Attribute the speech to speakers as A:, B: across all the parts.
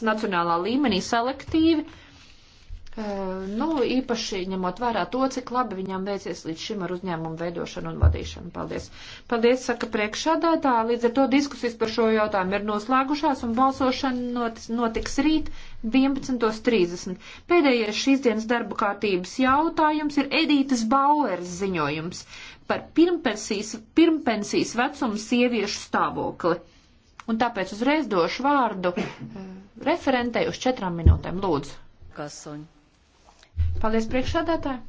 A: veikts nacionālā līmenī selektīvi, eh, nu, īpaši ņemot vērā to, cik labi viņām veicies līdz šim ar uzņēmumu veidošanu un vadīšanu. Paldies. Paldies, saka priekšādātā. Līdz ar to diskusijas par šo jautājumu ir noslēgušās un balsošana notiks rīt 11.30. Pēdējais šīs dienas darba kārtības jautājums ir Edītas Bauers ziņojums par pirmpensijas, pirmpensijas vecumu sieviešu stāvokli un tāpēc uzreiz došu vārdu eh, referentei uz četrām minūtēm. Lūdzu. Kasuņ. Paldies priekšsādātāji.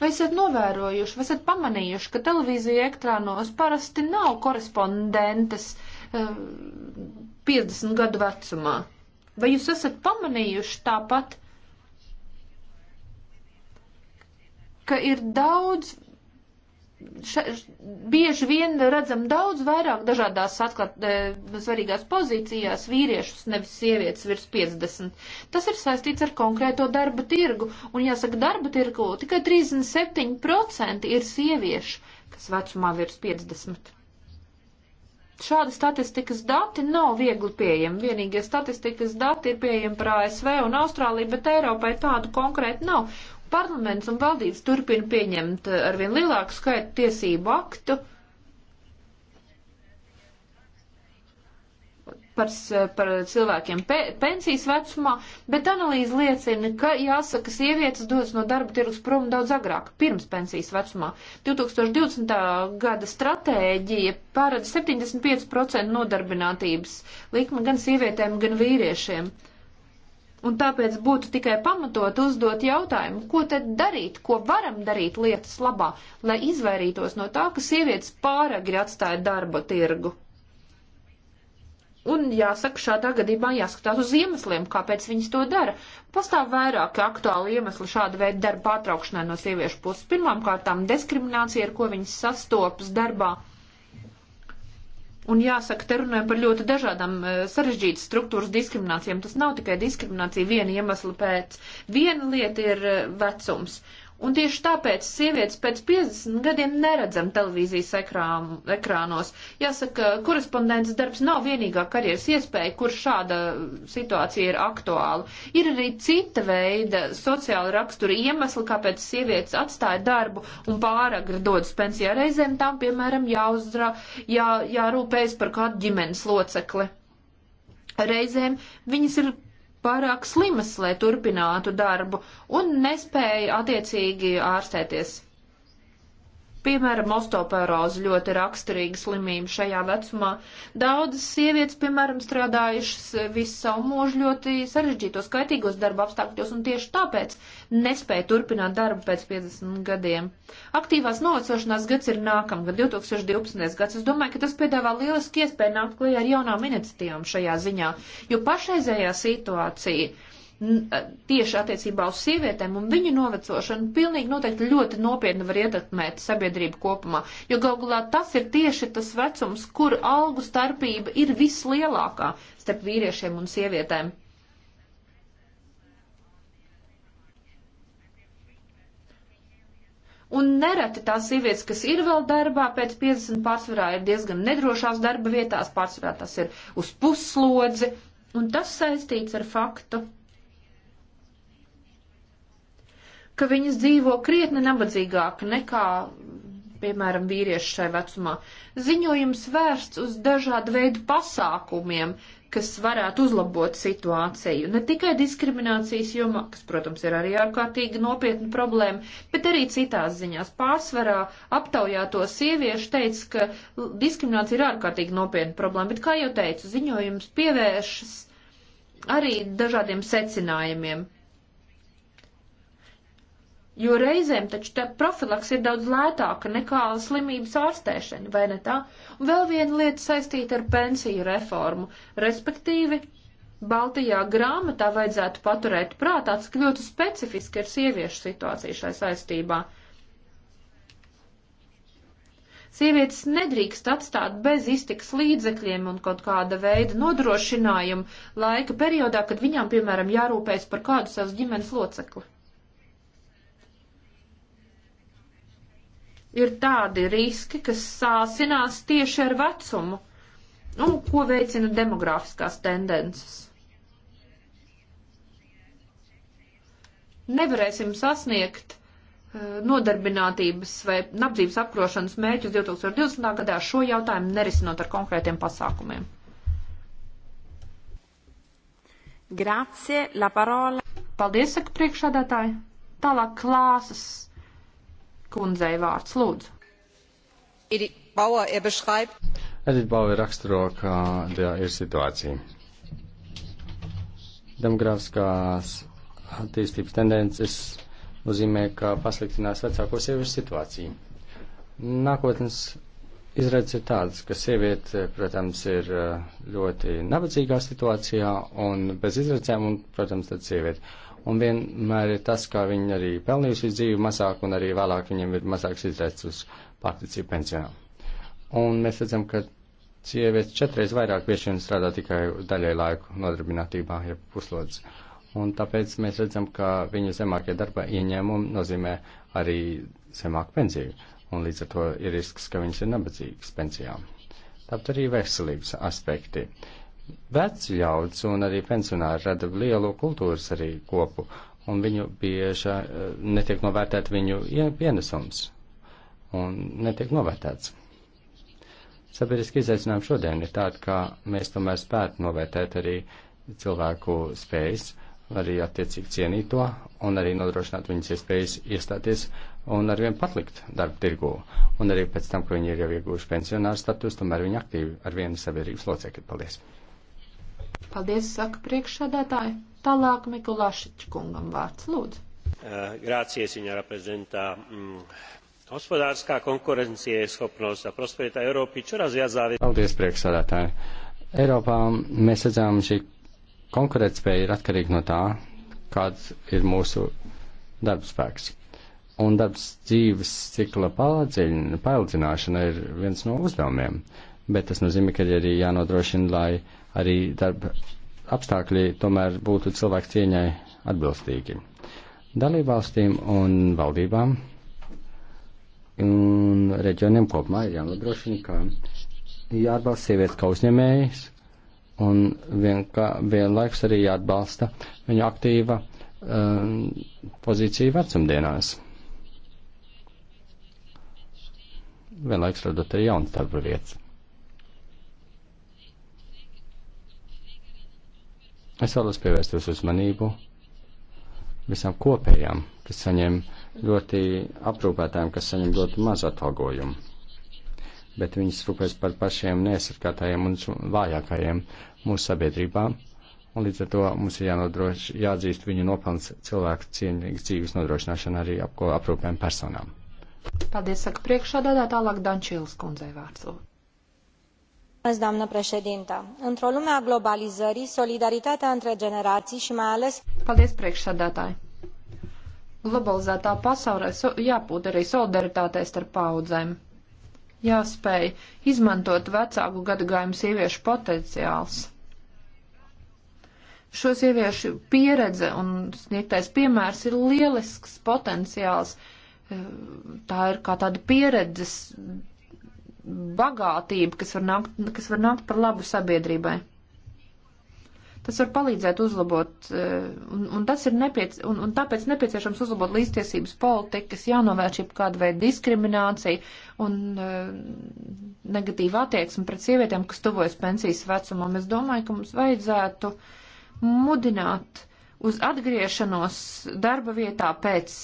A: Vai esat novērojuši, vai esat pamanījuši, ka televīzija ekrānos parasti nav korespondentes uh, eh, 50 gadu vecumā? Vai jūs esat pamanījuši tāpat, ka ir daudz ša, bieži vien redzam daudz vairāk dažādās atklāt, e, svarīgās pozīcijās vīriešus, nevis sievietes virs 50. Tas ir saistīts ar konkrēto darba tirgu, un jāsaka, darba tirgu tikai 37% ir sieviešu, kas vecumā virs 50. Šādi statistikas dati nav viegli pieejami. Vienīgie statistikas dati ir pieejami par ASV un Austrāliju, bet Eiropai tādu konkrēti nav. Parlaments un valdības turpina pieņemt eh, arvien lielāku skaitu tiesību aktu par, par cilvēkiem pe, pensijas vecumā, bet analīze liecina, ka jāsaka, sievietes dodas no darba tirgus prom daudz agrāk, pirms pensijas vecumā. 2020. gada stratēģija paredz 75% nodarbinātības likme gan sievietēm, gan vīriešiem. Un tāpēc būtu tikai pamatot uzdot jautājumu, ko tad darīt, ko varam darīt lietas labā, lai izvairītos no tā, ka sievietes pāragri atstāja darba tirgu. Un jāsaka, šādā gadījumā jāskatās uz iemesliem, kāpēc viņas to dara. Pastāv vairāki aktuāli iemesli šāda veida darba pārtraukšanai no sieviešu puses. Pirmām kārtām diskriminācija, ar ko viņas sastopas darbā. Un jāsaka, te runājam par ļoti dažādām eh, sarežģītas struktūras diskriminācijām. Tas nav tikai diskriminācija viena iemesla pēc. Viena lieta ir eh, vecums, Un tieši tāpēc sievietes pēc 50 gadiem neredzam televīzijas ekrām, ekrānos. Jāsaka, korespondents darbs nav vienīgā karjeras iespēja, kur šāda situācija ir aktuāla. Ir arī cita veida sociāla rakstura iemesli, kāpēc sievietes atstāja darbu un pāragri dodas pensijā. Reizēm tām, piemēram, jāuzdra, jā, jārūpējas par kādu ģimenes locekli. Reizēm viņas ir pārāk slimas, lai turpinātu darbu un nespēja attiecīgi ārstēties. Piemēram, osteoporāze ļoti raksturīga slimība šajā vecumā. Daudzas sievietes, piemēram, strādājušas visu savu mūžu ļoti sarežģītos, kaitīgos darba apstākļos un tieši tāpēc nespēja turpināt darbu pēc 50 gadiem. Aktīvās novecošanās gads ir nākamgad, 2012. gads. Es domāju, ka tas piedāvā lielisku iespēju nākt klajā ar jaunām iniciatīvām šajā ziņā, jo pašreizējā situācija tieši attiecībā uz sievietēm un viņu novecošanu pilnīgi noteikti ļoti nopietni var ietekmēt sabiedrību kopumā, jo galvā tas ir tieši tas vecums, kur algu starpība ir vislielākā starp vīriešiem un sievietēm. Un nereti tās sievietes, kas ir vēl darbā, pēc 50 pārsvarā ir diezgan nedrošās darba vietās, pārsvarā tas ir uz puslodzi, un tas saistīts ar faktu, ka viņas dzīvo krietni nabadzīgāk nekā, piemēram, vīrieši šai vecumā. Ziņojums vērsts uz dažādu veidu pasākumiem, kas varētu uzlabot situāciju. Ne tikai diskriminācijas jomā, kas, protams, ir arī ārkārtīgi nopietna problēma, bet arī citās ziņās. Pārsvarā aptaujāto sieviešu teica, ka diskriminācija ir ārkārtīgi nopietna problēma, bet, kā jau teicu, ziņojums pievēršas arī dažādiem secinājumiem. Jo reizēm taču tā profilaks ir daudz lētāka nekā slimības ārstēšana, vai ne tā? Un vēl viena lieta saistīta ar pensiju reformu, respektīvi Baltijā grāmatā vajadzētu paturēt prātā, cik ļoti specifiski ir sieviešu situācija šai saistībā. Sievietes nedrīkst atstāt bez iztiks līdzekļiem un kaut kāda veida nodrošinājumu laika periodā, kad viņām, piemēram, jārūpējas par kādu savas ģimenes locekli. ir tādi riski, kas sāsinās tieši ar vecumu un nu, ko veicina demografiskās tendences. Nevarēsim sasniegt eh, nodarbinātības vai nabadzības apkrošanas mērķus 2020. gadā šo jautājumu nerisinot ar konkrētiem pasākumiem. Grazie, la parola. Paldies, saka priekšādātāji. Tālāk klāsas Kundzei vārds lūdzu. Edith Bauer, er beschreibt.
B: Edith Bauer raksturo, kāda ir situācija. Demogrāfiskās attīstības tendences nozīmē, ka pasliktinās vecāko sieviešu situāciju. Nākotnes izredzes ir tādas, ka sieviete, protams, ir eh, ļoti nabadzīgā situācijā un bez izredzēm, un, protams, tad sieviete un vienmēr ir tas, kā viņi arī pelnījuši dzīvi mazāk, un arī vēlāk viņiem ir mazāks izredzes uz pārticību pensijām. Un mēs redzam, ka sievietes četreiz vairāk bieži vien strādā tikai daļai laiku nodarbinātībā, ja puslodzes. Un tāpēc mēs redzam, ka viņu zemākie darba ieņēmumi nozīmē arī zemāku pensiju, un līdz ar to ir risks, ka viņas ir nabadzīgas pensijām. Tāpat arī veselības aspekti. Uh, veci ļauds un arī pensionāri rada lielu kultūras arī kopu, un viņu bieži eh, netiek novērtēt viņu pienesums, un netiek novērtēts. Sabiedriski izaicinājumi šodien ir tādi, ka mēs tomēr spētu novērtēt arī cilvēku spējas, arī attiecīgi cienīt to, un arī nodrošināt viņas iespējas iestāties un arvien patlikt darba tirgū. Un arī pēc tam, ka viņi ir jau iegūši pensionāru status, tomēr viņi aktīvi ar vienu sabiedrības locekli. Paldies!
A: Paldies, saka priekšsādātāji. Tālāk Mikulāšiķi kungam vārds lūdzu.
B: Eh, grācie, signora prezidentā. Mm, Hospodárska konkurencieschopnosť a prosperita Európy čoraz viac závisí. Paldies, priekšsādātāji. Eiropā mēs redzam, šī konkurētspēja ir atkarīga no tā, kāds ir mūsu darbspēks. Un darbs dzīves cikla paildzināšana ir viens no uzdevumiem, bet tas nozīmē, ka ir arī jānodrošina, lai arī darba apstākļi tomēr būtu cilvēku cieņai atbilstīgi. Dalībvalstīm un valdībām un reģioniem kopumā ir jānodrošina, ka jāatbalsta sievietes kā uzņēmējas un vienkā, vienlaiks arī jāatbalsta viņu aktīva um, pozīcija vecumdienās. Vienlaiks radot arī jaunas darba vietas. Es vēlos pievērst jūsu uzmanību visām kopējām, kas saņem ļoti aprūpētājiem, kas saņem ļoti mazu atalgojumu. Bet viņas rūpēs par pašiem neaizsargātājiem un vājākajiem mūsu sabiedrībā. Un līdz ar to mums ir jānodroši, jāatzīst viņu nopelns cilvēku cienīgas dzīves nodrošināšana arī apko aprūpēm personām.
A: Paldies, saka priekšādā, tālāk Dančīlas kundzei vārds într o lume a globalizării solidaritatea între generații și mai ales. Paldies, priekšsādātāji! Globalizētā pasaulē so, jābūt arī solidaritātei starp paudzēm. Jāspēj izmantot vecāku gadagājumu sieviešu potenciāls. Šo sieviešu pieredze un sniegtais piemērs ir lielisks potenciāls. Tā ir kā tāda pieredzes bagātība, kas var nākt, kas var nākt par labu sabiedrībai. Tas var palīdzēt uzlabot, eh, un, un, tas ir nepiec, un, un tāpēc nepieciešams uzlabot līdztiesības politikas, jānovērš jau kāda veida diskriminācija un uh, negatīva attieksme pret sievietēm, kas tuvojas pensijas vecumam. Es domāju, ka mums vajadzētu mudināt uz atgriešanos darba vietā pēc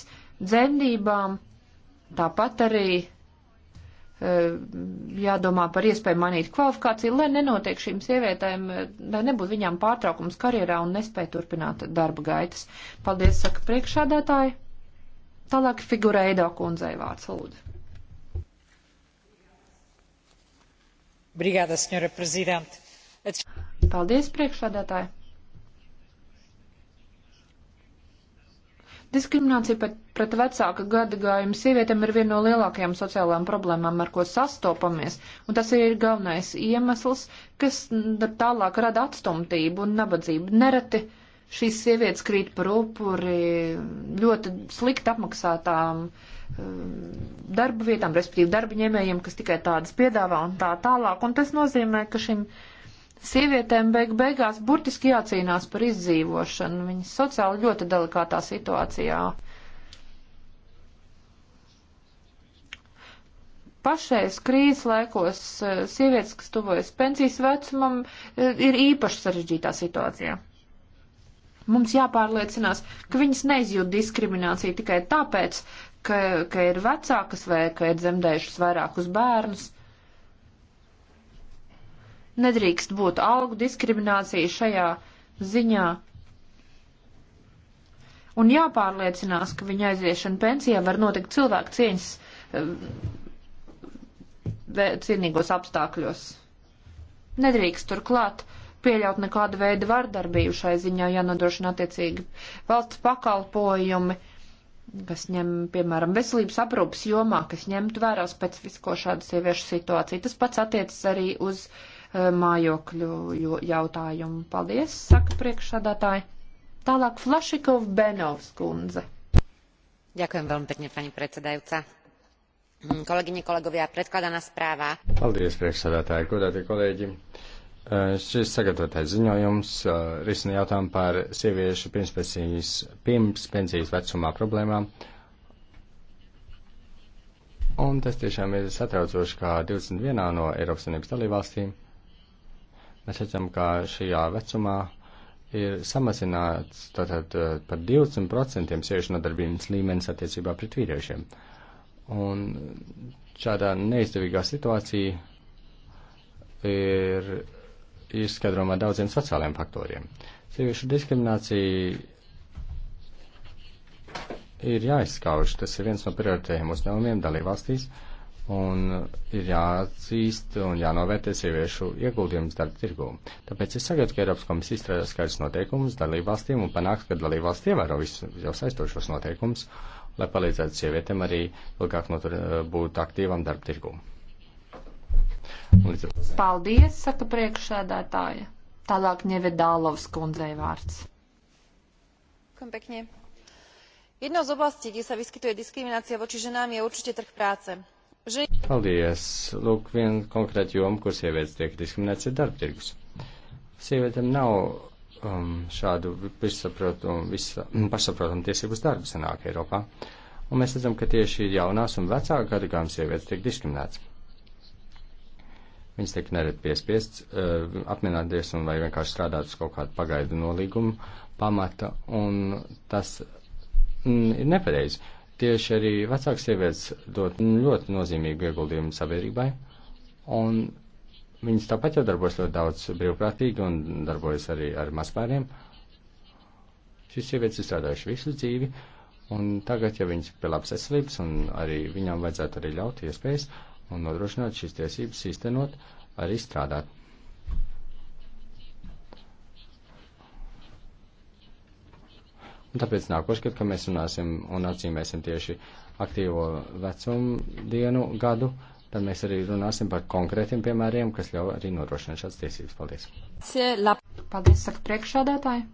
A: dzemdībām, tāpat arī Eh, jādomā par iespēju mainīt kvalifikāciju, lai nenotiek šīm sievietēm, eh, lai nebūtu viņām pārtraukums karjerā un nespēja turpināt darba gaitas. Paldies, saka priekšādātāji. Tālāk figurē Eido kundzei vārds lūdzu. Brigāda, senjora prezident. Paldies, priekšādātāji. Diskriminācija pat pret vecāka gadagājuma sievietēm ir viena no lielākajām sociālajām problēmām, ar ko sastopamies, un tas ir galvenais iemesls, kas tālāk rada atstumtību un nabadzību. Nereti šīs sievietes krīt par upuri ļoti slikti apmaksātām um, darba vietām, respektīvi darba ņēmējiem, kas tikai tādas piedāvā un tā tālāk, un tas nozīmē, ka šim Sievietēm beig beigās burtiski jācīnās par izdzīvošanu. Viņas sociāli ļoti delikātā situācijā. Pašais krīzes laikos e, sievietes, kas tuvojas pensijas vecumam, e, ir īpaši sarežģītā situācijā. Mums jāpārliecinās, ka viņas neizjūt diskrimināciju tikai tāpēc, ka, ka ir vecākas vai ka ir dzemdējušas vairākus bērnus. Nedrīkst būt algu diskriminācija šajā ziņā. Un jāpārliecinās, ka viņa aiziešana pensijā var notikt cilvēku cieņas eh, cienīgos apstākļos. Nedrīkst turklāt pieļaut nekādu veidu vardarbību šai ziņā, ja nodrošina attiecīgi valsts pakalpojumi, kas ņem, piemēram, veselības aprūpas jomā, kas ņemtu vērā specifisko šādu sieviešu situāciju. Tas pats attiecas arī uz uh, Eh, mājokļu jautājumu. Paldies, saka priekšsādātāji. Tālāk Flašikov Benovs kundze. Ďakujem veľmi pekne, pani predsedajúca. Mm, kolegyne, kolegovia, predkladaná správa.
B: Paldies, priekšsādātāji, godātie kolēģi. Eh, šis sagatavotais ziņojums eh, risina jautājumu par sieviešu pirmspensijas, pirmspensijas vecumā problēmām Un tas tiešām ir satraucoši, kā 21. no Eiropas Savienības dalībvalstīm Mēs redzam, ka šajā vecumā ir samazināts tātad eh, par 20% sieviešu nodarbības līmenis attiecībā pret vīriešiem. Un šādā neizdevīgā situācija ir izskatroma daudziem sociālajiem faktoriem. Sieviešu diskriminācija ir jāizskauž, tas ir viens no prioritējiem uzņēmumiem dalībvalstīs. valstīs un ir jāatzīst un jānovērtē sieviešu ieguldījums darba tirgū. Tāpēc es sagaidu, ka Eiropas komisija izstrādās skaidrs noteikumus dalībvalstīm un panāks, ka dalībvalsts ievēro visus jau saistošos noteikumus, lai palīdzētu sievietēm arī ilgāk notur, eh, būt aktīvam darba tirgū. Līdz...
A: Paldies, saka priekšsēdētāja. Tālāk Nevedālovs kundzei vārds. Pekne. Jednou z oblastí, kde sa vyskytuje diskriminácia voči ženám, je určite trh práce
B: Paldies! Lūk, viena konkrēta joma, kur sievietes tiek diskriminētas, ir darbtirgus. Sievietēm nav um, šādu mm, pašsaprotamu tiesību uz darbu senāk Eiropā, un mēs redzam, ka tieši jaunās un vecāka gadagājuma sievietes tiek diskriminētas. Viņas tiek nereti piespiests uh, apmienāties un vai vienkārši strādāt uz kaut kādu pagaidu nolīgumu pamata, un tas mm, ir nepareizi Tieši arī vecākas sievietes dod ļoti nozīmīgu ieguldījumu sabiedrībai, un viņas tāpat jau darbojas ļoti daudz brīvprātīgi un darbojas arī ar mazpēriem. Šīs sievietes ir strādājušas visu dzīvi, un tagad, ja viņas pie labas veselības, un arī viņām vajadzētu arī ļaut iespējas un nodrošināt šīs tiesības īstenot, arī strādāt. Un tāpēc nākošais, kad mēs runāsim un atzīmēsim tieši aktīvo vecumu dienu gadu, tad mēs arī runāsim par konkrētiem piemēriem, kas ļauj arī nodrošināt šādas tiesības. Paldies!
A: Paldies, saka priekšādātāji.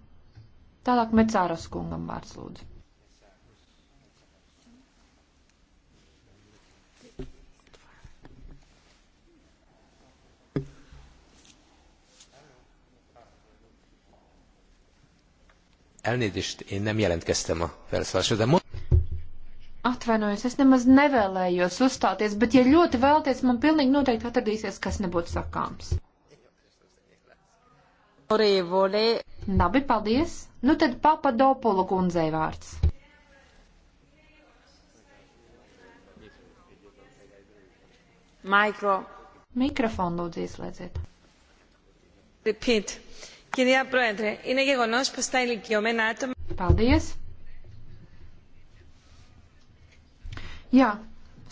A: Tālāk Mecāras kungam vārds lūdzu.
B: Elnézést, én nem jelentkeztem a felszólásra, de most...
A: Atvainojos, es nemaz nevēlējos uzstāties, bet, ja ļoti vēlties, man pilnīgi noteikti atradīsies, kas nebūtu sakāms. Labi, paldies. Nu tad Papadopulu kundzei vārds. Mikro. Mikrofonu lūdzu ieslēdziet. Repeat. Κυρία Πρόεδρε, είναι γεγονός πως τα ηλικιωμένα άτομα... Paldies! Jā,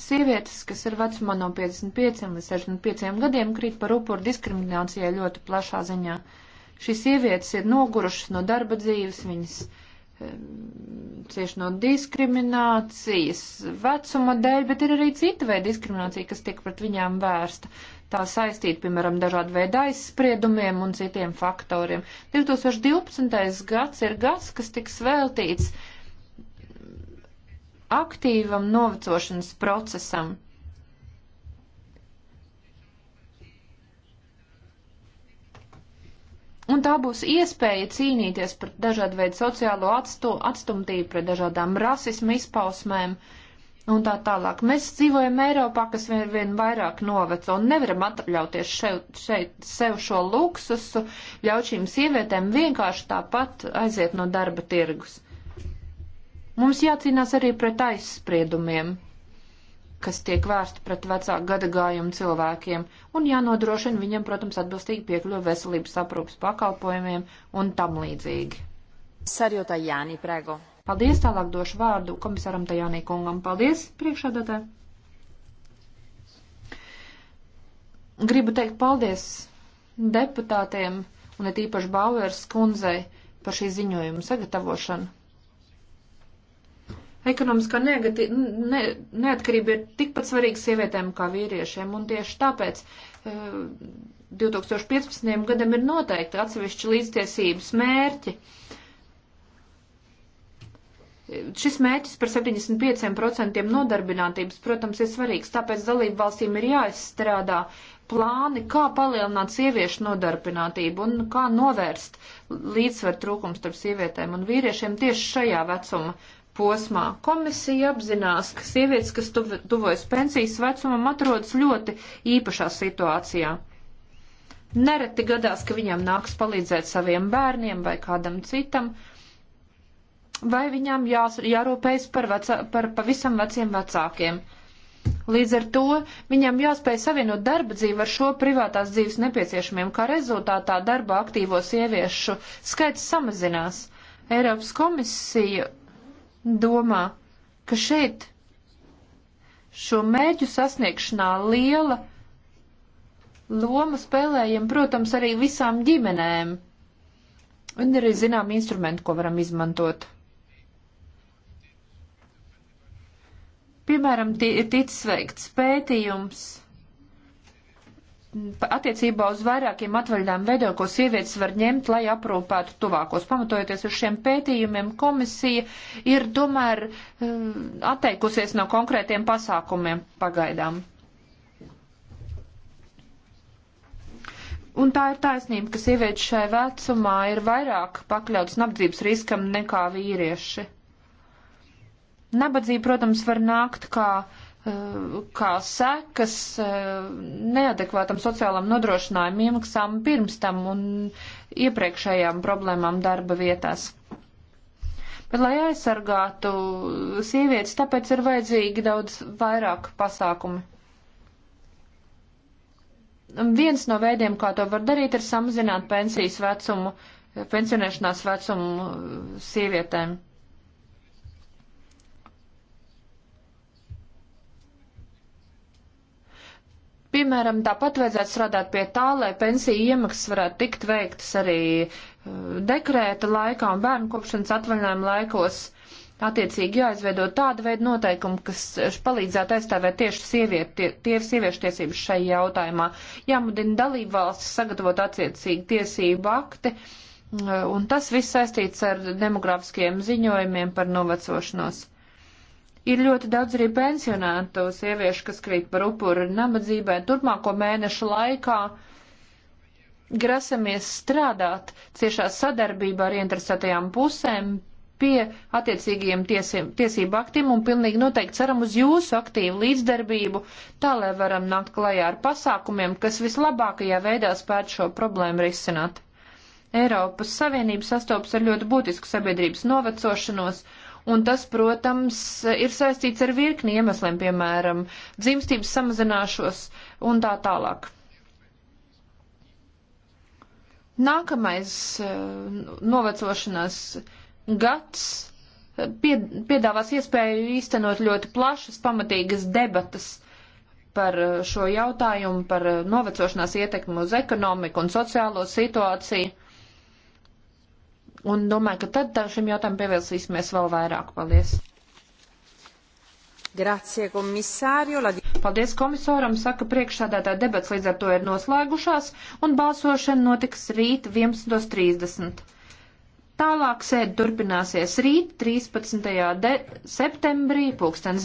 A: sievietes, kas ir vecumā no 55 līdz 65 gadiem, krīt par upuru diskriminācijai ļoti plašā ziņā. Šīs sievietes ir nogurušas no darba dzīves, viņas cieši no diskriminācijas vecuma dēļ, bet ir arī cita veida diskriminācija, kas tiek pret viņām vērsta tā saistīta, piemēram, dažādu veidu aizspriedumiem un citiem faktoriem. 2012. gads ir gads, kas tiks veltīts aktīvam novecošanas procesam. Un tā būs iespēja cīnīties pret dažādu veidu sociālo atstu, atstumtību, pret dažādām rasismu izpausmēm. Uh, un tā tālāk. Mēs dzīvojam Eiropā, kas vien, vien vairāk noveco un nevaram atļauties šeit, šeit sev šo luksusu, ļaut šīm sievietēm vienkārši tāpat aiziet no darba tirgus. Mums jācīnās arī pret aizspriedumiem, kas tiek vērsti pret vecāku gadagājumu cilvēkiem, un jānodrošina viņam, protams, atbilstīgi piekļuvi veselības aprūpas pakalpojumiem un tam līdzīgi. Sarjota Jāni, prego. Paldies, tālāk došu vārdu komisaram Tajānī kungam. Paldies, priekšādātē. Gribu teikt paldies deputātiem un it īpaši Bauers kundzei par šī ziņojuma sagatavošanu. Ekonomiskā negati, ne, neatkarība ir tikpat svarīga sievietēm kā vīriešiem, un tieši tāpēc e, eh, 2015. gadam ir noteikti atsevišķi līdztiesības mērķi. E, Šis mērķis par 75% nodarbinātības, protams, ir svarīgs, tāpēc dalību valstīm ir jāizstrādā plāni, kā palielināt sieviešu nodarbinātību un kā novērst līdzsver trūkums starp sievietēm un vīriešiem tieši šajā vecuma posmā. Komisija apzinās, ka sievietes, kas tuvojas pensijas vecumam, atrodas ļoti īpašā situācijā. Nereti gadās, ka viņam nāks palīdzēt saviem bērniem vai kādam citam. Uh, vai viņām jā, jārūpējas par, vecā, par pavisam veciem vecākiem. Līdz ar to viņam jāspēj savienot darba dzīvi ar šo privātās dzīves nepieciešamiem, kā rezultātā darba aktīvo sieviešu skaits samazinās. Eiropas komisija domā, ka šeit šo mērķu sasniegšanā liela loma spēlējam, protams, arī visām ģimenēm. Un arī zinām instrumentu, ko varam izmantot. Piemēram, ticis veikts pētījums attiecībā uz vairākiem atvaļinājumu veidiem, ko sievietes var ņemt, lai aprūpētu tuvākos. Pamatojoties uz šiem pētījumiem, komisija ir tomēr eh, atteikusies no konkrētiem pasākumiem pagaidām. Un tā ir taisnība, ka sievietes šai vecumā ir vairāk pakļautas nabadzības riskam nekā vīrieši. Nabadzība, protams, var nākt kā eh, kā sekas eh, neadekvātam sociālam nodrošinājumu iemaksām pirms tam un iepriekšējām problēmām darba vietās. Bet, lai aizsargātu sievietes, tāpēc ir vajadzīgi daudz vairāk pasākumu. Viens no veidiem, kā to var darīt, ir samazināt pensijas vecumu, pensionēšanās vecumu sievietēm. Piemēram, tāpat vajadzētu strādāt pie tā, lai pensiju iemaksas varētu tikt veiktas arī uh, dekrēta laikā un bērnu kopšanas atvaļinājuma laikos. Attiecīgi jāizveido tāda veida noteikumi, kas uh, palīdzētu aizstāvēt tieši sievieti, tie, tie sieviešu tiesības šai jautājumā. Jāmudina dalību valstis sagatavot attiecīgi tiesību akti, uh, un tas viss saistīts ar demografiskiem ziņojumiem par novecošanos. Ir ļoti daudz arī pensionātu sieviešu, kas krīt par upuru nabadzībai. Turpmāko mēnešu laikā grasamies strādāt ciešā sadarbībā ar interesētajām pusēm pie attiecīgiem tiesiem, tiesību aktiem un pilnīgi noteikti ceram uz jūsu aktīvu līdzdarbību, tā lai varam nākt klajā ar pasākumiem, kas vislabākajā veidā spētu šo problēmu risināt. Eiropas Savienība sastopas ar ļoti būtisku sabiedrības novecošanos un tas, protams, ir saistīts ar virkni iemesliem, piemēram, dzimstības samazināšos un tā tālāk. Nākamais eh, novecošanās gads eh, piedāvās iespēju īstenot ļoti plašas, pamatīgas debatas par eh, šo jautājumu, par novecošanās ietekmi uz ekonomiku un sociālo situāciju. Un domāju, ka tad šim jautājumam pievērsīsimies vēl vairāk. Paldies! Grazie, komisārio. Paldies komisāram, saka priekšsādātā debats līdz ar to ir noslēgušās, un balsošana notiks rīt 11.30. Tālāk sēde turpināsies rīt 13. septembrī, pulkstens